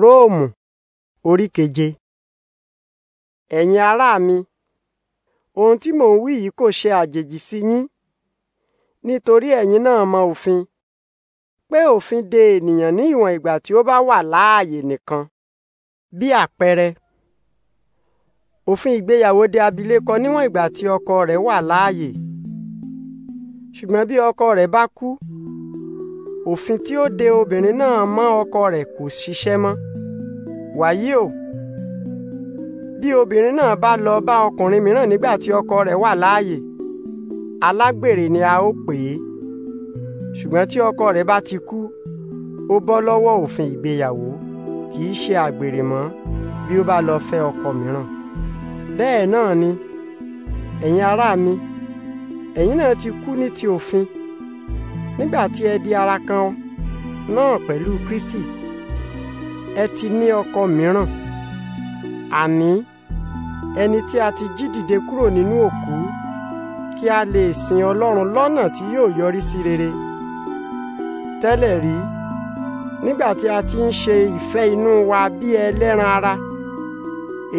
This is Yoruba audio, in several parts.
róòmù orí keje ẹ̀yin ará mi ohun tí mò ń wí yìí kò ṣe àjèjì sí yín nítorí ẹ̀yin náà mọ òfin pé òfin de ènìyàn ní ìwọ̀n ìgbà tí ó bá wà láàyè nìkan bí àpẹẹrẹ òfin ìgbéyàwó de abilékọ níwọ̀n ìgbà tí ọkọ rẹ̀ wà láàyè ṣùgbọ́n bí ọkọ rẹ̀ bá kú òfin tí ó de obìnrin náà mọ́ ọkọ rẹ̀ kò ṣiṣẹ́ mọ́ wàyí o bí obìnrin náà bá lọ bá ọkùnrin mìíràn nígbà tí ọkọ rẹ̀ wà láàyè alágbèrè ni a ó pè é ṣùgbọ́n tí ọkọ rẹ̀ bá ti kú ó bọ́ lọ́wọ́ òfin ìgbéyàwó kì í ṣe àgbèrè mọ́ bí ó bá lọ fẹ́ ọkọ mìíràn bẹ́ẹ̀ náà ni ẹ̀yin ará mi ẹ̀yin náà ti kú ní ti òfin nígbà tí ẹ di ara kan náà pẹ̀lú Kristi ẹ ti ní ọkọ mìíràn àní ẹni tí a ti jí dìde kúrò nínú òkú kí a lè sin Ọlọ́run lọ́nà tí yóò yọrí sí rere tẹ́lẹ̀ rí nígbà tí a ti ń ṣe ìfẹ́ inú wa bí ẹlẹ́ran ara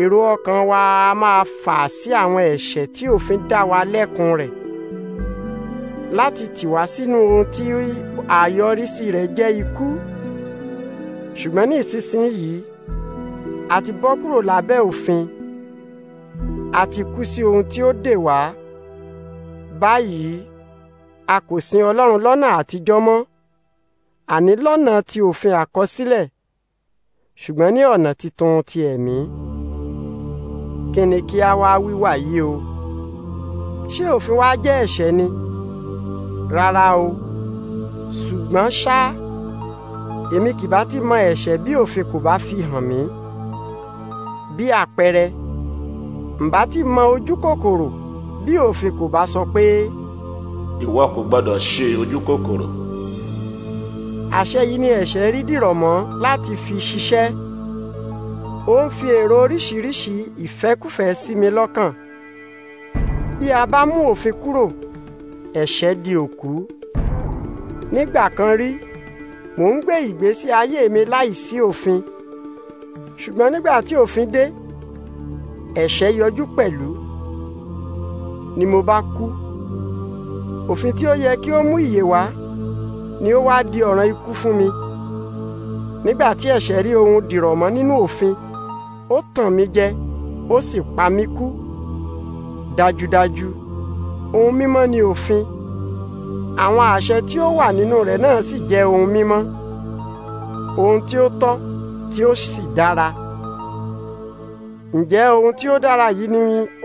èrò ọkàn wa a máa fà sí àwọn ẹ̀ṣẹ̀ tí òfin dá wa lẹ́kun rẹ̀ láti tì wá sínú ohun tí àyọrísí rẹ̀ jẹ́ ikú ṣùgbọ́n ní ìsinsìnyí a ti bọ́ kúrò lábẹ́ òfin a ti kú sí ohun tí ó dè wá báyìí a kò sin Ọlọ́run lọ́nà àtijọ́ mọ́ àní lọ́nà ti òfin àkọsílẹ̀ ṣùgbọ́n ní ọ̀nà titun ti ẹ̀mí kí ni kí a wá wíwà yìí o ṣé òfin wa jẹ́ ẹ̀ṣẹ̀ ni rárá o ṣùgbọ́n ṣá èmi kì bá ti mọ ẹ̀ṣẹ̀ bí òfin kò bá fi hàn mí bí àpẹẹrẹ ǹbá ti mọ ojú kòkòrò bí òfin kò bá sọ pé. ìwọ kò gbọdọ̀ ṣe ojú kòkòrò. àṣẹ yìí ni ẹ̀ṣẹ̀ rí dìrọ̀ mọ́ láti fi ṣiṣẹ́ ó ń fi èrò oríṣiríṣi ìfẹ́kùfẹ́ sí mi lọ́kàn bí a bá mú òfin kúrò ẹ̀ṣẹ̀ di òkú. nígbà kan rí mò ń gbé ìgbésí ayé mi láìsí òfin ṣùgbọ́n nígbà tí òfin dé ẹ̀ṣẹ̀ yọjú pẹ̀lú ni mo bá kú òfin tí ó yẹ kí ó mú ìyè wá ni ó wá di ọ̀ràn ikú fún mi nígbà tí ẹ̀ṣẹ̀ rí ohun dìrọ̀ mọ́ nínú òfin ó tàn mí jẹ ó sì pa mí kú dájúdájú. Dájú ohun mímọ́ ni òfin àwọn àṣẹ tí ó wà nínú rẹ̀ náà sì jẹ́ ohun mímọ́ ohun tí ó tọ́ tí ó sì dára ǹjẹ́ ohun tí ó dára yìí ni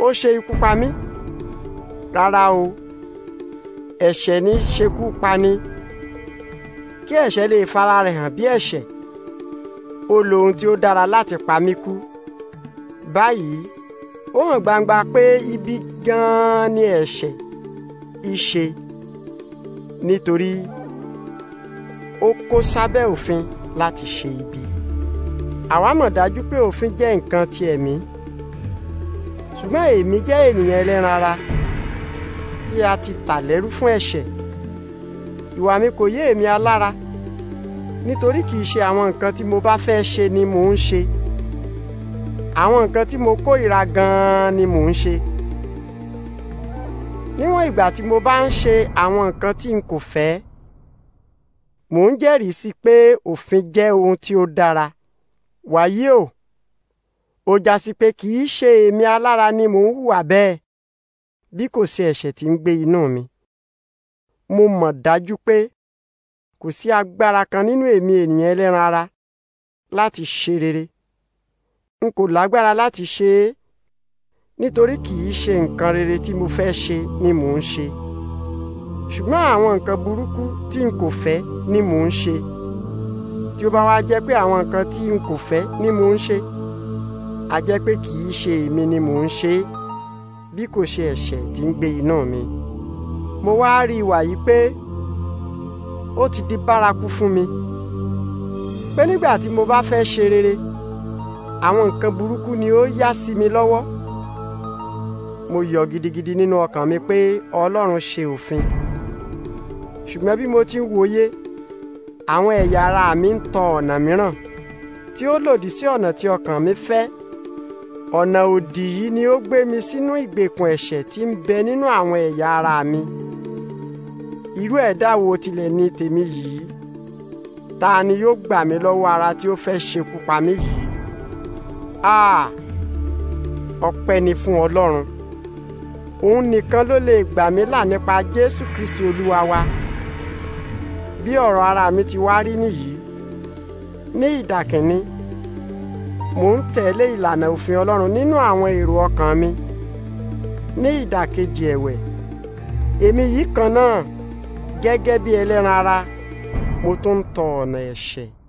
ó ṣe ikú pa mí rárá o ẹ̀ṣẹ̀ ní ṣekú pani kí ẹ̀ṣẹ̀ lè fara rẹ̀ hàn bí ẹ̀ṣẹ̀ ó lo ohun tí ó dára láti pa mí kú báyìí ó hàn gbangba pé ibi gan-an ni ẹ̀ṣẹ̀ ìṣe nítorí ó kó sábẹ́ òfin láti ṣe ibi àwa mọ̀ dájú pé òfin jẹ́ nǹkan ti ẹ̀mí ṣùgbọ́n èmi jẹ́ ènìyàn ẹlẹ́ran ara tí a ti tà lẹ́rú fún ẹ̀ṣẹ̀ ìwà mi kò yé èmi alára nítorí kì í ṣe àwọn nǹkan tí mo bá fẹ́ ṣe ni mò ń ṣe àwọn nǹkan tí mo kórìíra gan-an ni mò ń ṣe níwọ̀n ìgbà tí mo bá ń ṣe àwọn nǹkan tí n kò fẹ́ mò ń jẹ́rìí sí pé òfin jẹ́ ohun tí ó dára wàyí o ó já sí pé kì í ṣe èmi alára ni mò ń hùwà bẹ́ẹ̀ bí kò ṣe ẹ̀ṣẹ̀ tí ń gbé inú mi mo mọ̀ dájú pé kò sí agbára kan nínú èmi ènìyàn ẹlẹ́ran ara láti ṣe rere n kò lágbára láti ṣe é nítorí kì í ṣe nǹkan rere tí mo fẹ́ ṣe ni mò ń ṣe ṣùgbọ́n àwọn nǹkan burúkú tí n kò fẹ́ ni mò ń ṣe tí ó bá wá jẹ́ pé àwọn nǹkan tí n kò fẹ́ ni mò ń ṣe a jẹ́ pé kì í ṣe èmi ni mò ń ṣe bí kò ṣe ẹ̀ṣẹ̀ tí ń gbé iná mi mo wá rí ìwà yìí pé ó ti di bárakú fún mi pé nígbà tí mo bá fẹ́ ṣe rere àwọn nǹkan burúkú ni ó yá sí mi lọ́wọ́ mo yọ̀ gidigidi nínú ọkàn mi pé ọlọ́run ṣe òfin ṣùgbọ́n bí mo ti ń wòye àwọn ẹ̀yà ara mi ń tọ ọ̀nà mìíràn tí ó lòdì sí ọ̀nà tí ọkàn mi fẹ́ ọ̀nà òdì yìí ni ó gbé mi sínú ìgbèkùn ẹ̀ṣẹ̀ tí ń bẹ nínú àwọn ẹ̀yà ara mi irú ẹ̀dá wo tilẹ̀ ni tèmi yìí ta ni yóò gbà mí lọ́wọ́ ara tí ó fẹ́ ṣekú pa mí yìí ah ọpẹ́ ni fún Ọlọ́run òun nìkan ló lè gbà mí là nípa Jésù Kristi Olúwa wa bí ọ̀rọ̀ ara mi ti wá rí nìyí ní ìdàkínní mò ń tẹ̀lé ìlànà òfin Ọlọ́run nínú àwọn èrò ọkàn mi ní ìdàkejì ẹ̀wẹ̀ èmi yìí kan náà gẹ́gẹ́ bí ẹlẹ́ran ara mo tún ń tọ ọ̀nà ẹ̀ṣẹ̀.